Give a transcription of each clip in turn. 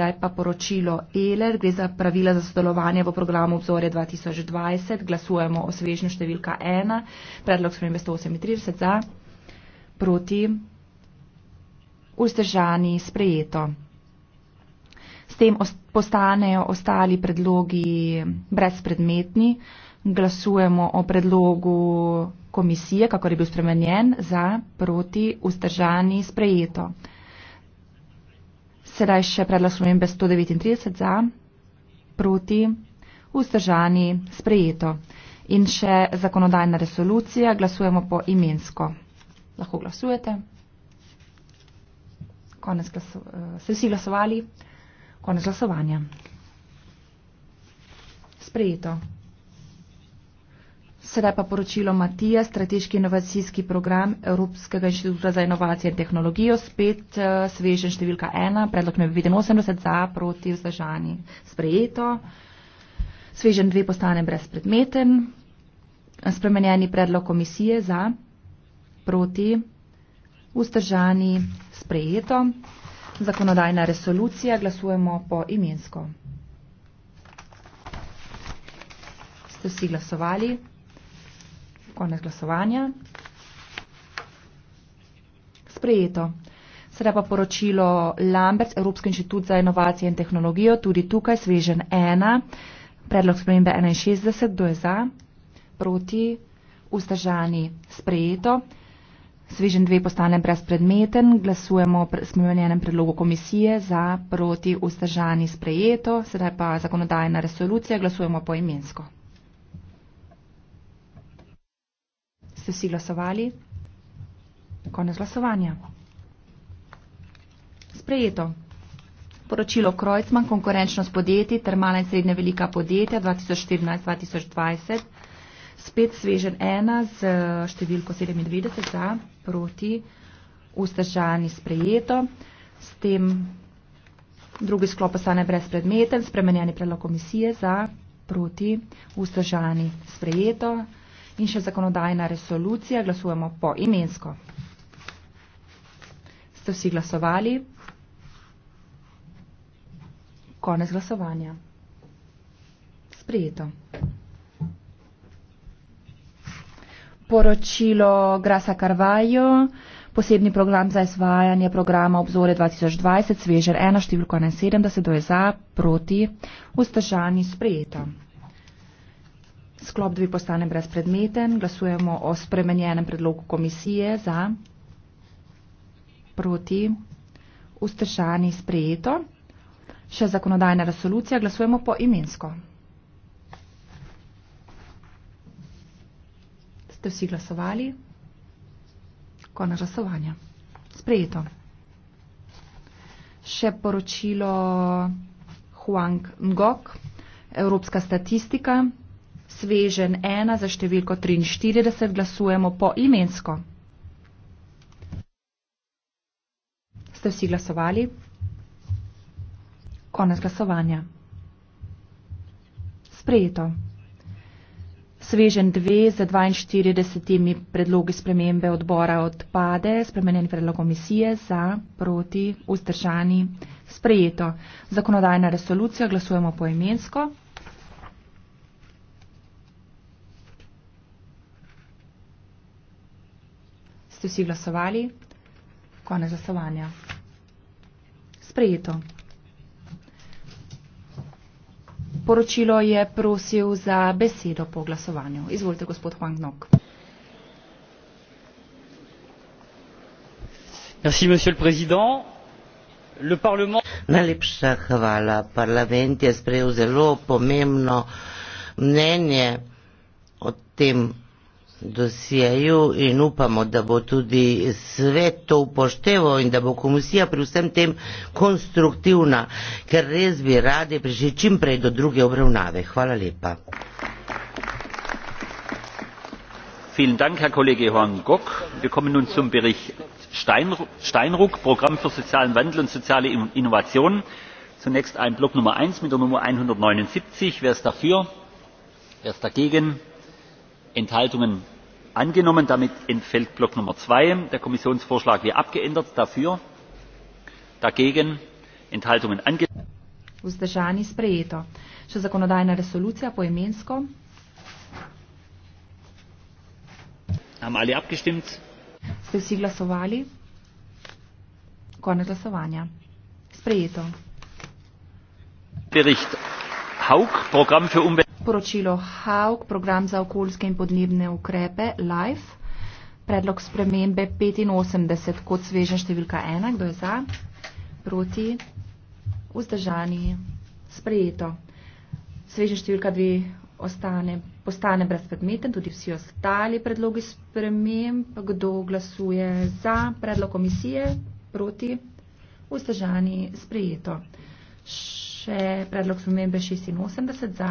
zdaj pa poročilo ELER, gre za pravila za sodelovanje v programu obzore 2020, glasujemo o svežnju številka 1, predlog spremembe 138 za, proti, vzdržani, sprejeto. S tem postanejo ostali predlogi brezpredmetni, glasujemo o predlogu komisije, kako je bil spremenjen, za, proti, vzdržani, sprejeto. Sedaj še predlog spremembe 139 za, proti, vzdržani, sprejeto. In še zakonodajna resolucija, glasujemo po imensko. Lahko glasujete. Konec glasu eh, Ste vsi glasovali? Konec glasovanja. Sprejeto. Sedaj pa poročilo Matija, strateški inovacijski program Evropskega inštituta za inovacije in tehnologijo, spet uh, svežen številka 1, predlog ne bi videl 80 za, proti vzdržani sprejeto, svežen 2 postane brezpredmeten, spremenjeni predlog komisije za, proti vzdržani sprejeto, zakonodajna resolucija, glasujemo po imensko. Ste vsi glasovali? Konec glasovanja. Sprejeto. Sedaj pa poročilo Lambert, Evropski inštitut za inovacije in tehnologijo, tudi tukaj svežen 1, predlog spremembe 61, kdo je za, proti, vzdržani, sprejeto. Svežen 2 postane brezpredmeten, glasujemo o spremenjenem predlogu komisije za, proti, vzdržani, sprejeto. Sedaj pa zakonodajna resolucija, glasujemo poimensko. Ste vsi glasovali? Konec glasovanja. Sprejeto. Poročilo Krojcman, konkurenčnost podjetij ter mala in srednja velika podjetja 2014-2020. Spet svežen ena z številko 97 za proti ustežani sprejeto. S tem drugi sklop ostane brezpredmeten, spremenjeni predlog komisije za proti ustežani sprejeto. In še zakonodajna resolucija, glasujemo po imensko. Ste vsi glasovali? Konec glasovanja. Sprejeto. Poročilo Grasa Carvajo, posebni program za izvajanje programa Obzore 2020, svežer 1, številko 71, do je za, proti, vzdržani, sprejeto. Sklop dve postane brezpredmeten. Glasujemo o spremenjenem predlogu komisije za proti ustršani sprejeto. Še zakonodajna resolucija. Glasujemo po imensko. Ste vsi glasovali? Konec glasovanja. Sprejeto. Še poročilo Huang Ngok, Evropska statistika. Svežen 1 za številko 43 glasujemo po imensko. Ste vsi glasovali? Konec glasovanja. Sprejeto. Svežen 2 za 42 predlogi spremembe odbora odpade, spremenjen predlog komisije za, proti, vzdržani. Sprejeto. Zakonodajna resolucija glasujemo po imensko. ste vsi glasovali? Konec glasovanja. Sprejeto. Poročilo je prosil za besedo po glasovanju. Izvolite, gospod Huang Nok. Merci, monsieur le président. Le parlement... Najlepša hvala. Parlament je sprejel zelo pomembno mnenje o tem dosjeju in upamo, da bo tudi svet to upošteval in da bo komisija pri vsem tem konstruktivna, ker res bi radi prišli čim prej do druge obravnave. Hvala lepa. Vielen Dank, Herr Kollege Horn Gock. Wir kommen nun zum Bericht Steinruck, Programm für sozialen Wandel und soziale Innovation. Zunächst ein Block Nummer 1 mit der Nummer 179. Wer ist dafür? Wer ist dagegen? enthaltungen angenommen. damit entfällt block nummer zwei. der kommissionsvorschlag wie abgeändert. dafür dagegen enthaltungen angenommen. haben alle abgestimmt? Ste vsi glasovali? Konec glasovanja. Sprejeto. Bericht Hauk, program für Umwelt. Poročilo Hauk, program za okoljske in podnebne ukrepe, LIFE. Predlog spremembe 85 kot sveža številka 1. Kdo je za? Proti? Vzdržani? Sprejeto. Sveža številka 2 ostane, postane brezpredmeten, tudi vsi ostali predlogi sprememb. Kdo glasuje za predlog komisije? Proti? Vzdržani? Sprejeto. Š še predlog spremembe 86 za,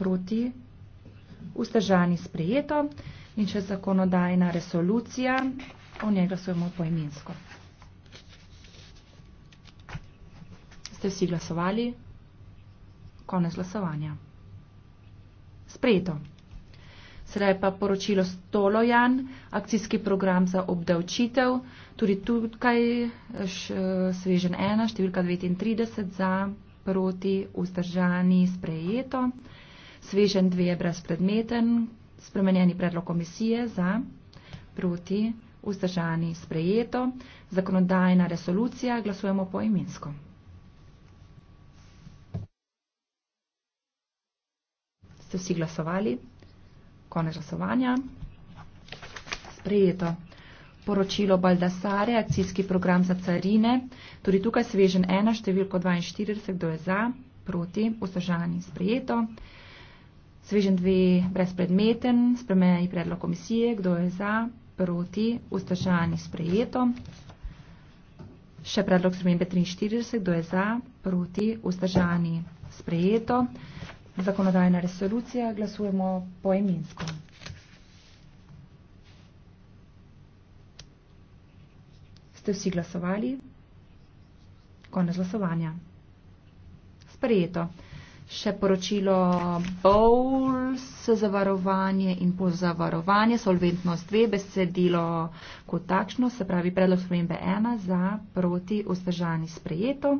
proti, vzdržani sprejeto in še zakonodajna resolucija, o njej glasujemo poimensko. Ste vsi glasovali? Konec glasovanja. Sprejeto. Sedaj pa poročilo Stolojan, akcijski program za obdavčitev, tudi tukaj š, svežen 1, številka 39 za proti, vzdržani, sprejeto. Svežen dve je brezpredmeten, spremenjeni predlog komisije za, proti, vzdržani, sprejeto. Zakonodajna resolucija, glasujemo po imensko. Ste vsi glasovali? Konec glasovanja. Sprejeto poročilo Baldasare, akcijski program za carine, tudi tukaj svežen 1, številko 42, kdo je za, proti, vzdržani, sprejeto. Svežen 2, brezpredmeten, spremeni predlog komisije, kdo je za, proti, vzdržani, sprejeto. Še predlog spremembe 43, kdo je za, proti, vzdržani, sprejeto. Zakonodajna resolucija, glasujemo poimensko. imensko. Ste vsi glasovali? Konec glasovanja. Sprejeto. Še poročilo Bowls za varovanje in pozavarovanje, solventnost dve, besedilo kot takšno, se pravi predlog spremembe ena za proti vzdržani sprejeto,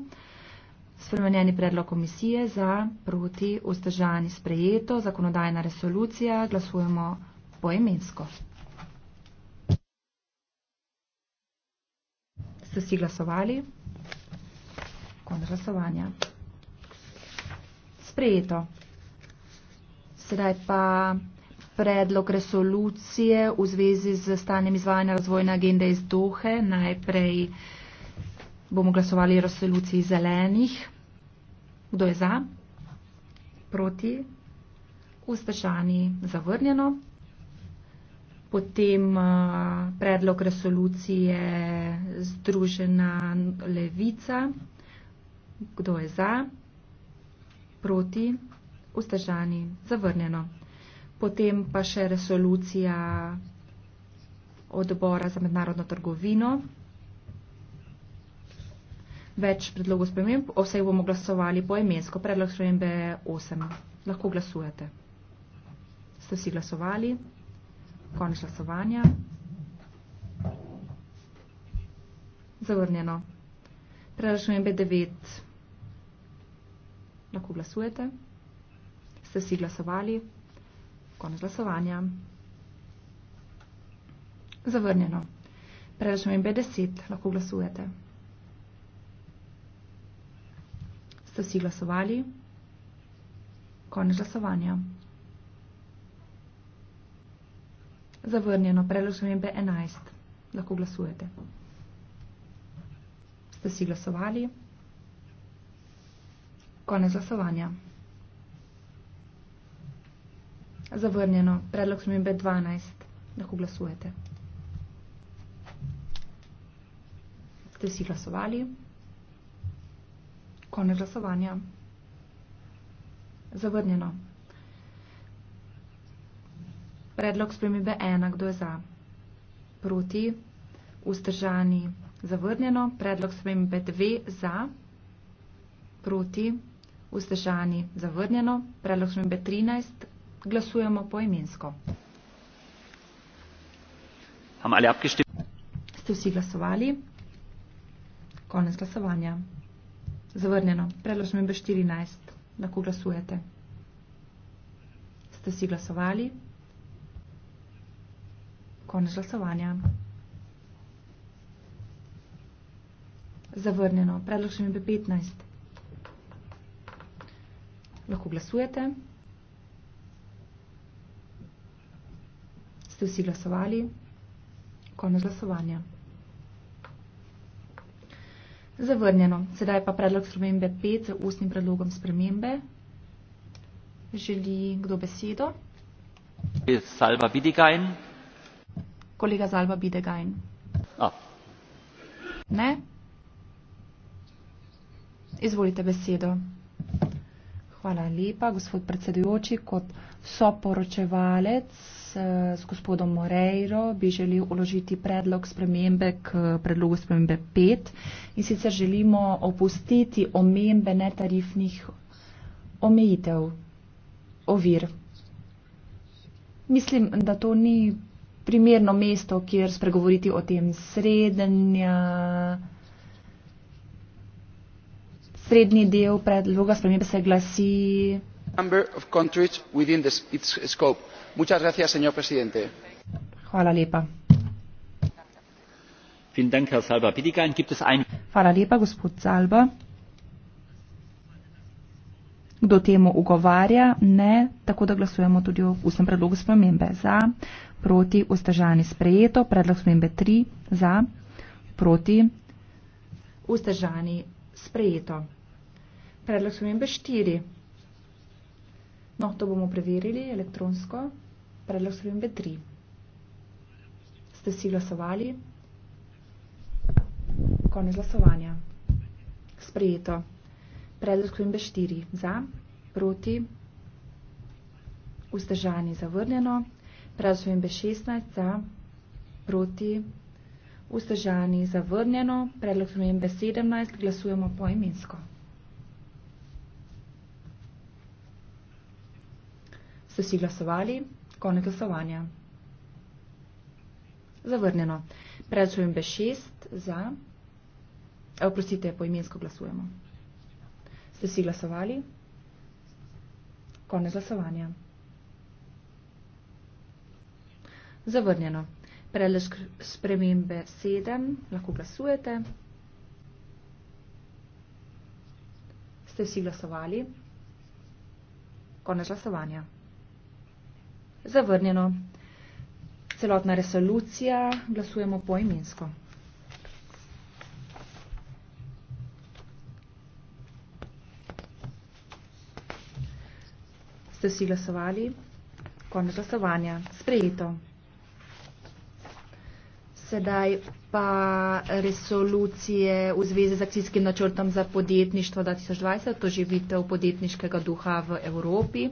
spremenjeni predlog komisije za proti vzdržani sprejeto, zakonodajna resolucija, glasujemo poemensko. imensko. ste si glasovali? Konč glasovanja. Sprejeto. Sedaj pa predlog resolucije v zvezi z stanjem izvajanja razvojne agende iz Dohe. Najprej bomo glasovali resoluciji zelenih. Kdo je za? Proti? Ustešani? Zavrnjeno? potem predlog resolucije Združena levica. Kdo je za? Proti? Vzdržani? Zavrnjeno. Potem pa še resolucija odbora za mednarodno trgovino. Več predlogov sprememb, o vsej bomo glasovali poemensko. Predlog spremembe 8. Lahko glasujete. Ste vsi glasovali? Konč glasovanja. Zavrnjeno. Preračujem B9. Lahko glasujete. Ste vsi glasovali. Konč glasovanja. Zavrnjeno. Preračujem B10. Lahko glasujete. Ste vsi glasovali. Konč glasovanja. Zavrnjeno. Predlog spremembe 11. Lahko glasujete. Ste si glasovali? Konec glasovanja. Zavrnjeno. Predlog spremembe 12. Lahko glasujete. Ste si glasovali? Konec glasovanja. Zavrnjeno. Predlog spremembe ena, kdo je za? Proti, vzdržani, zavrnjeno. Predlog spremembe dve, za? Proti, vzdržani, zavrnjeno. Predlog spremembe 13, glasujemo poimensko. Ste vsi glasovali? Konec glasovanja. Zavrnjeno. Predlog spremembe 14, lahko glasujete. Ste vsi glasovali? Konec glasovanja. Zavrnjeno. Predlog še mi bi 15. Lahko glasujete. Ste vsi glasovali? Konec glasovanja. Zavrnjeno. Sedaj pa predlog spremembe 5 z ustnim predlogom spremembe. Želi kdo besedo? Salva Bidigajn kolega Zalba Bidegajn. Ne? Izvolite besedo. Hvala lepa, gospod predsedujoči. Kot soporočevalec s eh, gospodom Morejro bi želel uložiti predlog spremembe k predlogu spremembe 5 in sicer želimo opustiti omembe netarifnih omejitev, ovir. Mislim, da to ni primerno mesto, kjer spregovoriti o tem srednja. Srednji del predloga spremembe se glasi. Hvala lepa. Dank, Salba. Ein... Hvala lepa, gospod Salba. Kdo temu ugovarja? Ne. Tako da glasujemo tudi o vsem predlogu spremembe. Za proti vzdržani sprejeto, predlog smembe 3 za, proti vzdržani sprejeto. Predlog smembe 4. No, to bomo preverili elektronsko. Predlog smembe 3. Ste si glasovali? Konec glasovanja. Sprejeto. Predlog smembe 4 za, proti. Vzdržani zavrnjeno, Pražujem B16 za, proti, vzdržani zavrnjeno. Predlog zmenjem B17, glasujemo poimensko. Ste vsi glasovali? Konek glasovanja. Zavrnjeno. Pražujem B6 za, eh, oprostite, poimensko glasujemo. Ste vsi glasovali? Konec glasovanja. Zavrnjeno. Predlež spremembe 7. Lahko glasujete. Ste vsi glasovali? Konec glasovanja. Zavrnjeno. Celotna resolucija. Glasujemo poimensko. Ste vsi glasovali? Konec glasovanja. Sprejeto. Sedaj pa resolucije v zvezi z akcijskim načrtom za podjetništvo 2020, to živitev podjetniškega duha v Evropi.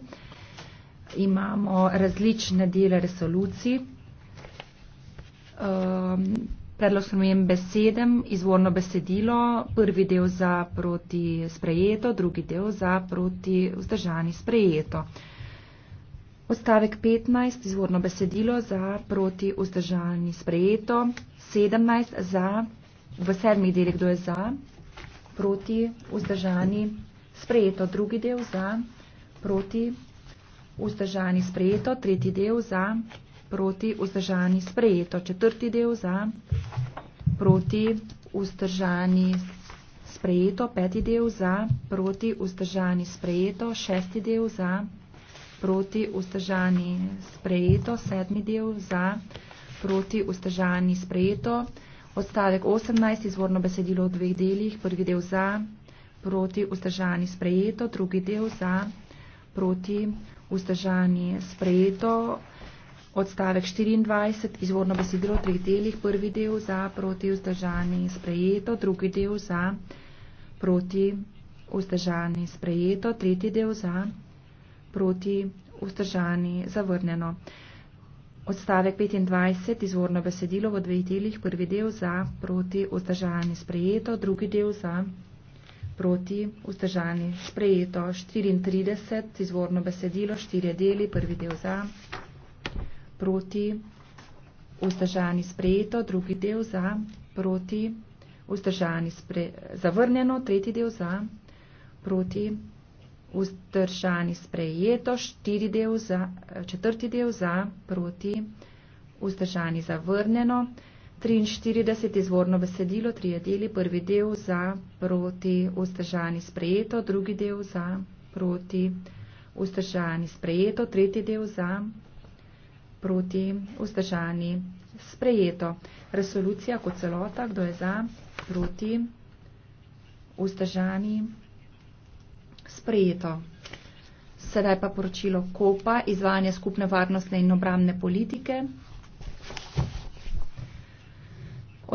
Imamo različne dele resolucij. Um, predlog spremem besedem, izvorno besedilo, prvi del za proti sprejeto, drugi del za proti vzdržani sprejeto. Uh, Ostavek 15, izvorno besedilo za proti vzdržalni sprejeto, 17 za, v sedmih delih kdo je za, proti vzdržalni sprejeto, drugi del za, proti vzdržalni sprejeto, tretji del za, proti vzdržalni sprejeto, četrti del za, proti vzdržalni sprejeto, peti del za, proti vzdržalni sprejeto, šesti del za, proti proti vzdržani sprejeto, sedmi del za proti vzdržani sprejeto, odstavek 18, izvorno besedilo v dveh delih, prvi del za proti vzdržani sprejeto, drugi del za proti vzdržani sprejeto, odstavek 24, izvorno besedilo v treh delih, prvi del za proti vzdržani sprejeto, drugi del za proti vzdržani sprejeto, tretji del za proti vzdržani sprejeto proti vzdržani zavrnjeno. Odstavek 25, izvorno besedilo v dveh delih, prvi del za proti vzdržani sprejeto, drugi del za proti vzdržani sprejeto. 34, izvorno besedilo, štirje deli, prvi del za proti vzdržani sprejeto, drugi del za proti vzdržani spre, zavrnjeno, tretji del za proti vzdržani sprejeto vzdržani sprejeto, del za, četrti del za, proti, vzdržani zavrnjeno, 43 izvorno besedilo, trije deli, prvi del za, proti, vzdržani sprejeto, drugi del za, proti, vzdržani sprejeto, tretji del za, proti, vzdržani sprejeto. Resolucija kot celota, kdo je za, proti, vzdržani sprejeto sprejeto. Sedaj pa poročilo KOPA, izvajanje skupne varnostne in obramne politike.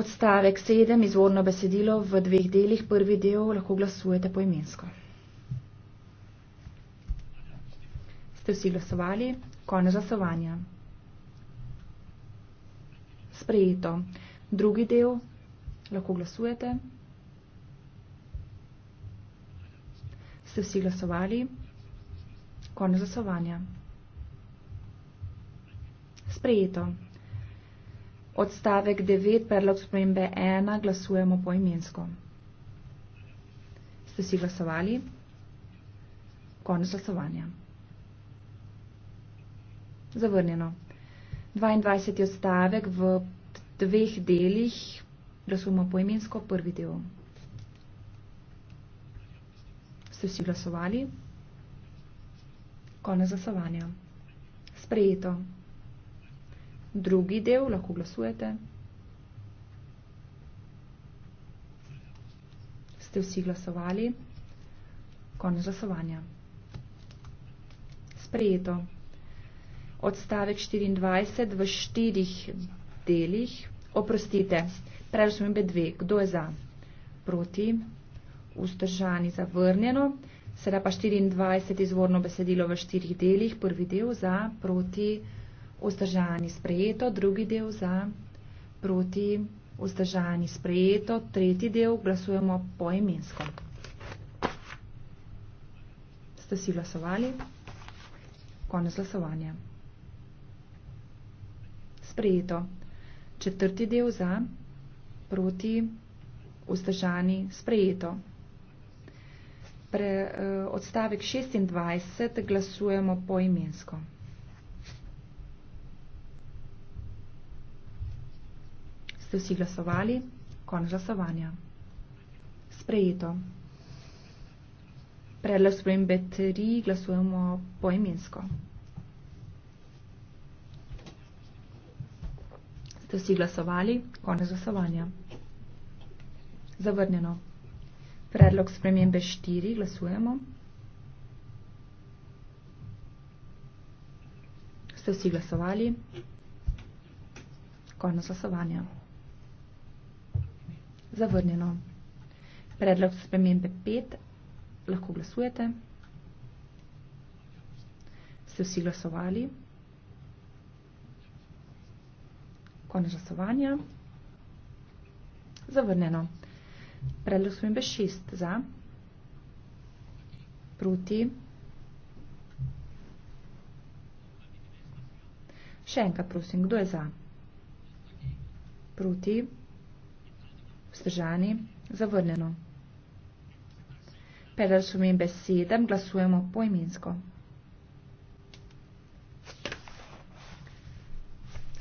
Odstavek 7, izvorno besedilo v dveh delih, prvi del lahko glasujete poimensko. Ste vsi glasovali? Konec glasovanja. Sprejeto. Drugi del lahko glasujete. Ste vsi glasovali? Konec glasovanja. Sprejeto. Odstavek 9, predlog spremembe 1, glasujemo poimensko. Ste vsi glasovali? Konec glasovanja. Zavrnjeno. 22. odstavek v dveh delih glasujemo poimensko prvi del. Ste si glasovali? Konec glasovanja. Sprejeto. Drugi del lahko glasujete. Ste vsi glasovali? Konec glasovanja. Sprejeto. Odstavek 24 v štirih delih. Oprostite, prej smo imeli dve. Kdo je za? Proti vzdržani zavrnjeno. Sedaj pa 24 izvorno besedilo v štirih delih. Prvi del za proti vzdržani sprejeto, drugi del za proti vzdržani sprejeto, tretji del glasujemo poimensko. Ste si glasovali? Konec glasovanja. Sprejeto. Četrti del za proti vzdržani sprejeto pre, eh, odstavek 26 glasujemo poimensko. Ste vsi glasovali? Konč glasovanja. Sprejeto. Predlog spremembe 3 glasujemo poimensko. Ste vsi glasovali? Konec glasovanja. Zavrnjeno. Predlog spremembe 4, glasujemo. Ste vsi glasovali? Konec glasovanja. Zavrnjeno. Predlog spremembe 5, lahko glasujete. Ste vsi glasovali? Konec glasovanja. Zavrnjeno. Prelusvimbe 6 za. Proti. Še enkrat prosim, kdo je za? Proti. Vzdržani. Zavrneno. Prelusvimbe 7 glasujemo poimensko.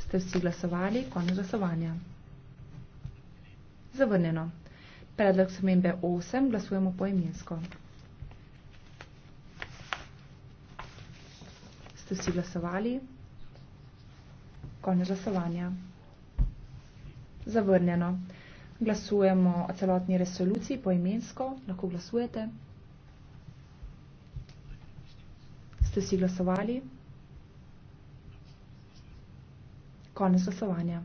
Ste vsi glasovali, konec glasovanja. Zavrneno. Predlog spremembe 8 glasujemo poimensko. Ste vsi glasovali? Konec glasovanja. Zavrnjeno. Glasujemo o celotni resoluciji poimensko. Lahko glasujete? Ste vsi glasovali? Konec glasovanja.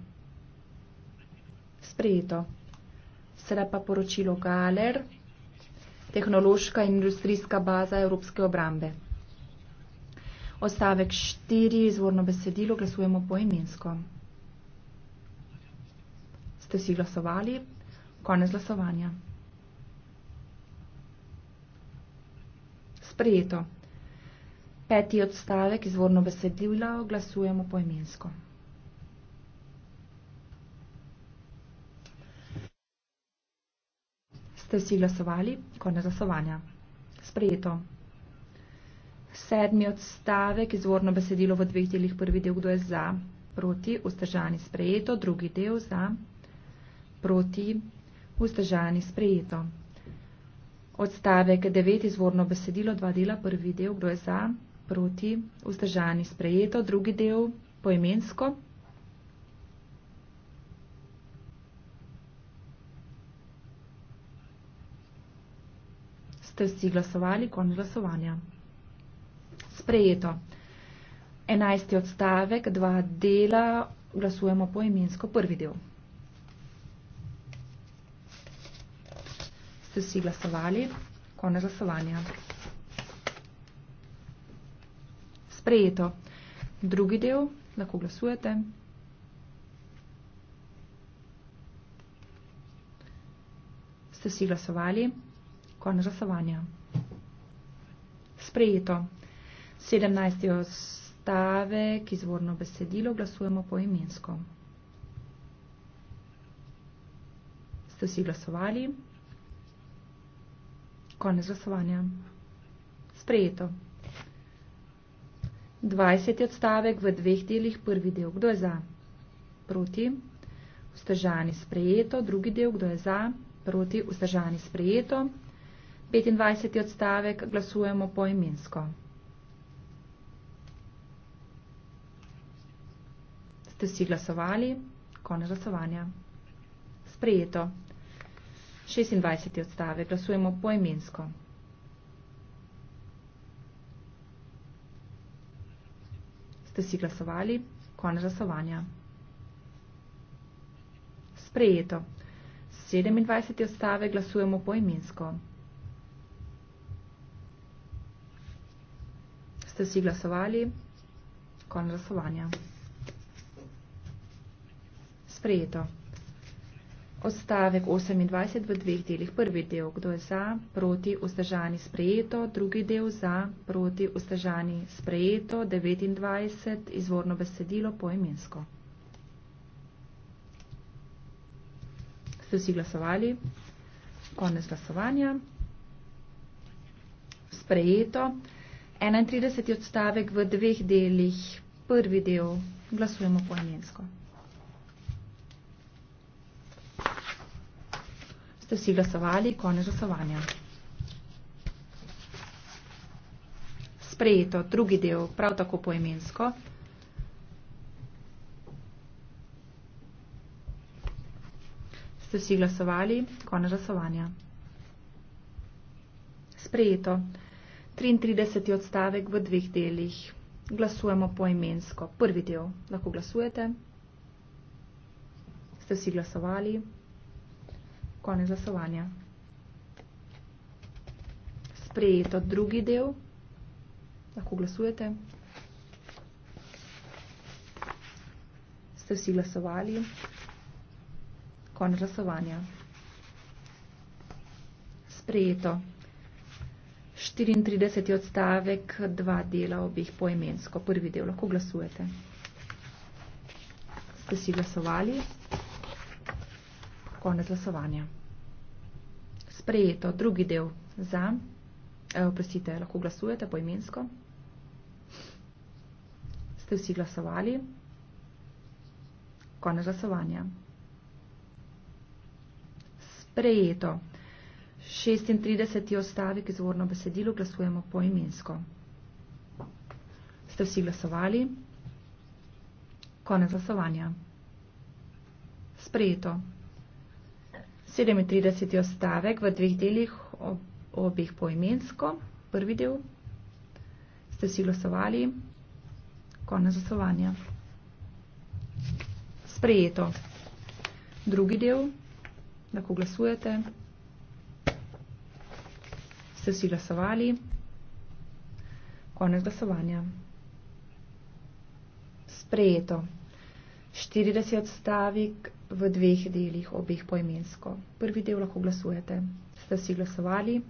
Sprejeto sedaj pa poročilo Galer, tehnološka in industrijska baza Evropske obrambe. Ostavek štiri, izvorno besedilo, glasujemo poimensko. Ste vsi glasovali? Konec glasovanja. Sprejeto. Peti odstavek, izvorno besedilo, glasujemo poimensko. imensko. ste si glasovali, konec glasovanja. Sprejeto. Sedmi odstavek, izvorno besedilo v dveh delih, prvi del, kdo je za, proti, vzdržani, sprejeto, drugi del, za, proti, vzdržani, sprejeto. Odstavek devet, izvorno besedilo, dva dela, prvi del, kdo je za, proti, vzdržani, sprejeto, drugi del, poimensko. ste vsi glasovali konec glasovanja. Sprejeto. Enajsti odstavek, dva dela, glasujemo poimensko prvi del. Ste vsi glasovali konec glasovanja. Sprejeto. Drugi del, lahko glasujete. Ste vsi glasovali? Konec glasovanja. Sprejeto. 17. ostavek, izvorno besedilo, glasujemo poimensko. Ste vsi glasovali? Konec glasovanja. Sprejeto. 20. odstavek v dveh delih, prvi del, kdo je za? Proti. Vzdržani sprejeto, drugi del, kdo je za? Proti. Vzdržani sprejeto. 25. odstavek glasujemo poimensko. Ste vsi glasovali? Konec glasovanja. Sprejeto. 26. odstavek glasujemo poimensko. Ste vsi glasovali? Konec glasovanja. Sprejeto. 27. odstavek glasujemo poimensko. imensko. ste vsi glasovali. Kon glasovanja. Sprejeto. Odstavek 28 v dveh delih. Prvi del, kdo je za, proti, vzdržani, sprejeto. Drugi del, za, proti, vzdržani, sprejeto. 29, izvorno besedilo, poimensko. Ste vsi glasovali? Konec glasovanja. Sprejeto. 31. odstavek v dveh delih. Prvi del glasujemo poimensko. Ste vsi glasovali, konec glasovanja. Sprejeto, drugi del, prav tako poimensko. Ste vsi glasovali, konec glasovanja. Sprejeto. 33. odstavek v dveh delih. Glasujemo poimensko. Prvi del. Lahko glasujete. Ste vsi glasovali? Konec glasovanja. Sprejeto drugi del. Lahko glasujete. Ste vsi glasovali? Konec glasovanja. Sprejeto. 34. odstavek, dva dela obih poimensko. Prvi del, lahko glasujete. Ste si glasovali? Konec glasovanja. Sprejeto, drugi del za. E, oprostite, e, lahko glasujete poimensko. Ste vsi glasovali? Konec glasovanja. Sprejeto. 36. ostavek izvorno besedilo glasujemo poimensko. Ste vsi glasovali? Konec glasovanja. Sprejeto. 37. ostavek v dveh delih obeh poimensko. Prvi del. Ste vsi glasovali? Konec glasovanja. Sprejeto. Drugi del. Lahko glasujete ste si glasovali. Konec glasovanja. Sprejeto. 40 stavik v dveh delih, obeh poimensko. Prvi del lahko glasujete. Ste si glasovali.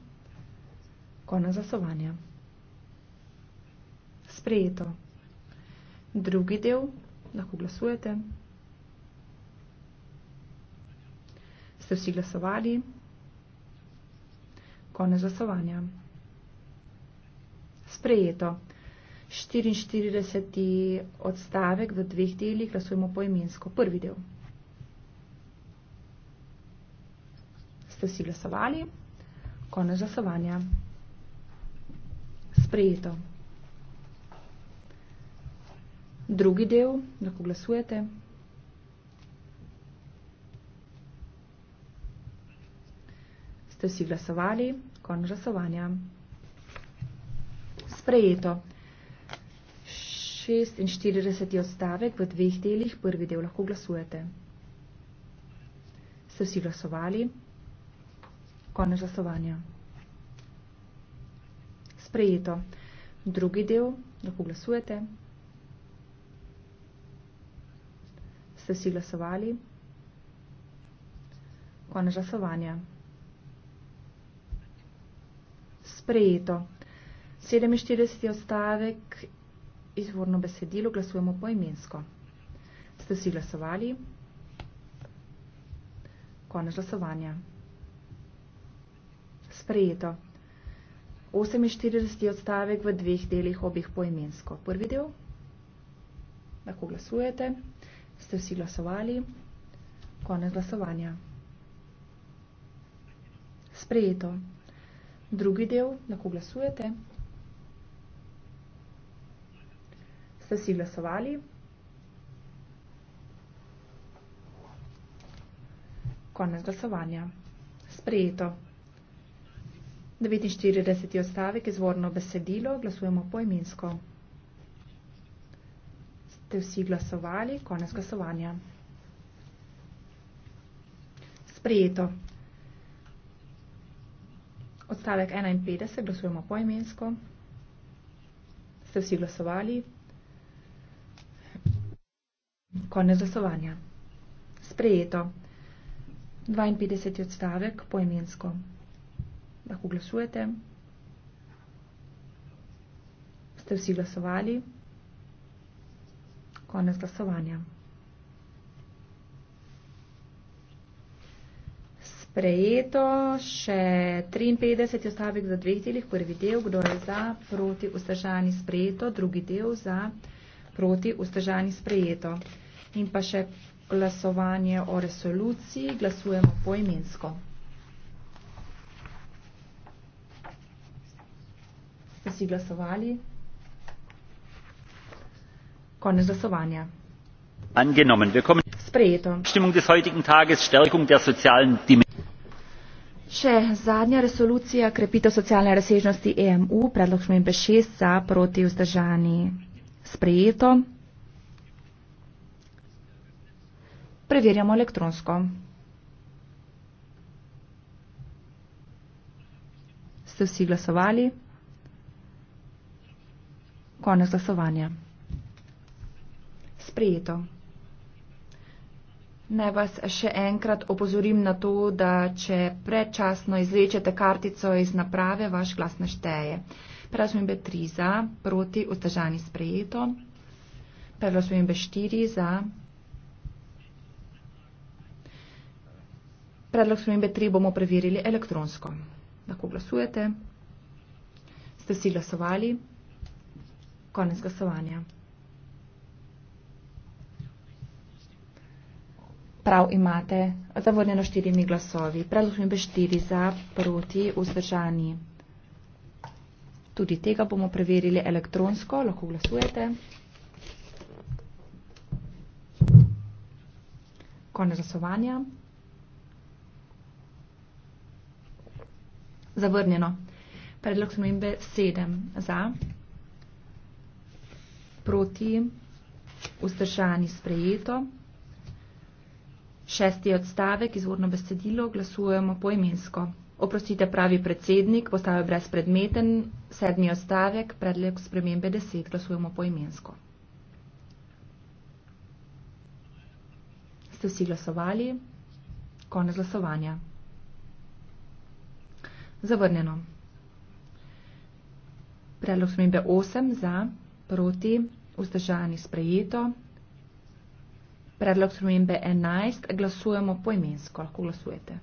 Konec glasovanja. Sprejeto. Drugi del lahko glasujete. Ste si glasovali. Konec glasovanja. Sprejeto. 44. odstavek v dveh delih glasujemo poimensko. Prvi del. Ste vsi glasovali? Konec glasovanja. Sprejeto. Drugi del, lahko glasujete. Ste vsi glasovali? Konč glasovanja. Sprejeto. 46. odstavek v dveh delih, prvi del lahko glasujete. Ste vsi glasovali? Konč glasovanja. Sprejeto. Drugi del lahko glasujete. Ste vsi glasovali? Konč glasovanja. sprejeto. 47. odstavek izvorno besedilo glasujemo poimensko. Ste vsi glasovali? Konec glasovanja. Sprejeto. 48. odstavek v dveh delih obih poimensko. Prvi del. Lahko glasujete. Ste vsi glasovali? Konec glasovanja. Sprejeto. Drugi del lahko glasujete. Ste si glasovali? Konec glasovanja. Sprejeto. 49. odstavek je zvorno besedilo, glasujemo poimensko. Ste vsi glasovali? Konec glasovanja. Sprejeto. Odstavek 51, glasujemo poimensko. Ste vsi glasovali? Konec glasovanja. Sprejeto. 52. odstavek poimensko. Lahko glasujete? Ste vsi glasovali? Konec glasovanja. Prejeto še 53 je ostavek za dveh delih. Prvi del, kdo je za, proti, vzdržani, sprejeto. Drugi del za, proti, vzdržani, sprejeto. In pa še glasovanje o resoluciji. Glasujemo poimensko. Ste si glasovali? Konec glasovanja. Angenomen. Sprejeto. Stimmung des heutigen Tages, Stärkung der sozialen Dimension. Še zadnja resolucija, krepitev socialne razsežnosti EMU, predlog šmembe 6 za proti vzdržani sprejeto. Preverjamo elektronsko. Ste vsi glasovali? Konec glasovanja. Sprejeto. Naj vas še enkrat opozorim na to, da če predčasno izvlečete kartico iz naprave, vaš glas nešteje. Prelosujem B3 za, proti, vzdržani sprejeto. Prelosujem B4 za. Predlog spremembe 3 bomo preverili elektronsko. Lahko glasujete. Ste vsi glasovali? Konec glasovanja. prav imate, zavrnjeno štirimi glasovi. Predlog mi bi štiri za, proti, vzdržani. Tudi tega bomo preverili elektronsko, lahko glasujete. Konec glasovanja. Zavrnjeno. Predlog smembe 7 za, proti, vzdržani sprejeto. Šesti odstavek izvorno besedilo glasujemo poimensko. Oprostite, pravi predsednik, postavi brezpredmeten. Sedmi odstavek, predlog spremembe deset, glasujemo poimensko. Ste vsi glasovali? Konec glasovanja. Zavrnjeno. Predlog spremembe osem za, proti, vzdržani sprejeto. Predlog spremembe 11. Glasujemo poimensko. Lahko glasujete.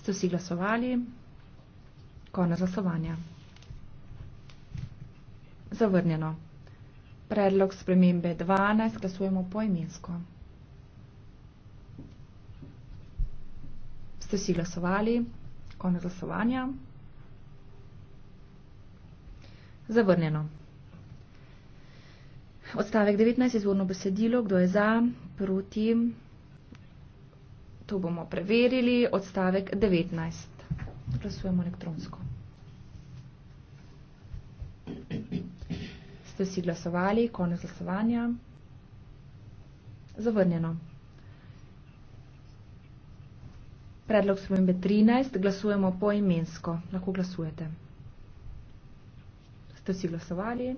Ste vsi glasovali? Konec glasovanja. Zavrnjeno. Predlog spremembe 12. Glasujemo poimensko. Ste vsi glasovali? Konec glasovanja. Zavrnjeno. Odstavek 19 je zvorno besedilo, kdo je za, proti. To bomo preverili. Odstavek 19. Glasujemo elektronsko. Ste vsi glasovali, konec glasovanja. Zavrnjeno. Predlog spremembe 13. Glasujemo poimensko. Lahko glasujete. Ste vsi glasovali?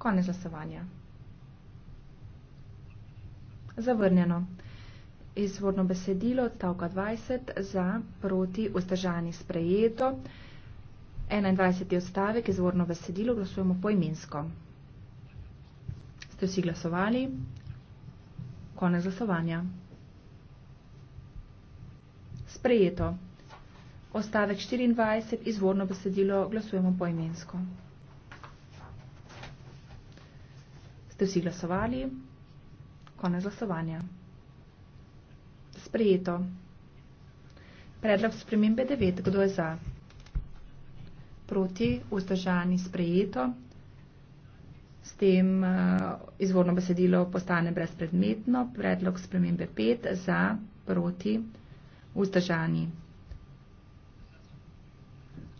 Konec glasovanja. Zavrnjeno. Izvorno besedilo odstavka 20 za proti vzdržani sprejeto. 21. odstavek izvorno besedilo glasujemo poimensko. Ste vsi glasovali? Konec glasovanja. Sprejeto. Ostavek 24 izvorno besedilo glasujemo poimensko. imensko. Ste vsi glasovali? Konec glasovanja. Sprejeto. Predlog spremembe 9. Kdo je za? Proti, vzdržani, sprejeto. S tem uh, izvorno besedilo postane brezpredmetno. Predlog spremembe 5. Za, proti, vzdržani.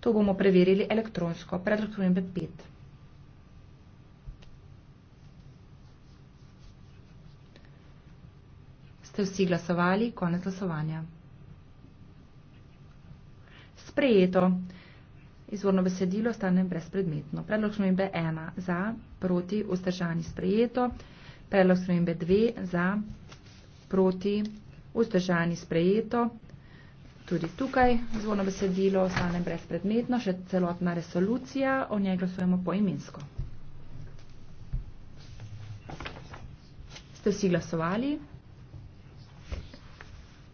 To bomo preverili elektronsko. Predlog spremembe 5. ste vsi glasovali, konec glasovanja. Sprejeto. Izvorno besedilo stane brezpredmetno. Predlog smembe 1 za, proti, vzdržani sprejeto. Predlog smembe 2 za, proti, vzdržani sprejeto. Tudi tukaj izvorno besedilo stane brezpredmetno, še celotna resolucija, o njej glasujemo poimensko. Ste vsi glasovali?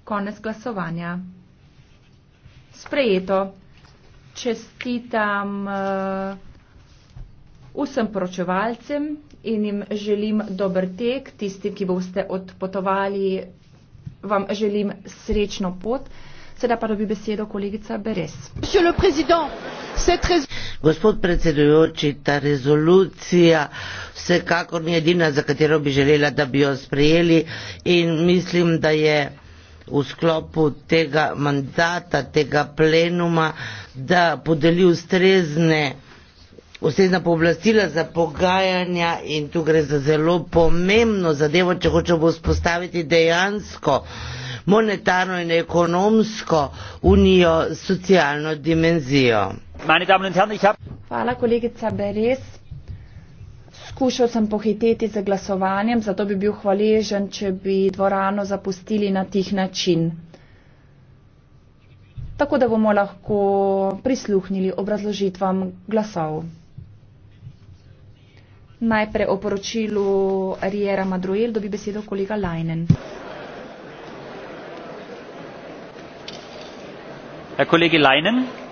Konec glasovanja. Sprejeto. Čestitam uh, vsem poročevalcem in jim želim dober tek. Tisti, ki boste odpotovali, vam želim srečno pot. Sedaj pa dobi besedo kolegica Beres. Gospod predsedujoči, ta rezolucija vsekakor ni edina, za katero bi želela, da bi jo sprejeli in mislim, da je v sklopu tega mandata, tega plenuma, da podeli ustrezne, ustrezna pooblastila za pogajanja in tu gre za zelo pomembno zadevo, če hoče bo spostaviti dejansko monetarno in ekonomsko unijo, socialno dimenzijo. Hvala, kolegica Beres. Skušal sem pohiteti z glasovanjem, zato bi bil hvaležen, če bi dvorano zapustili na tih način. Tako da bomo lahko prisluhnili obrazložitvam glasov. Najprej o poročilu Riera Madruel dobi besedo kolega Lajnen. Herr Kollege Leinen,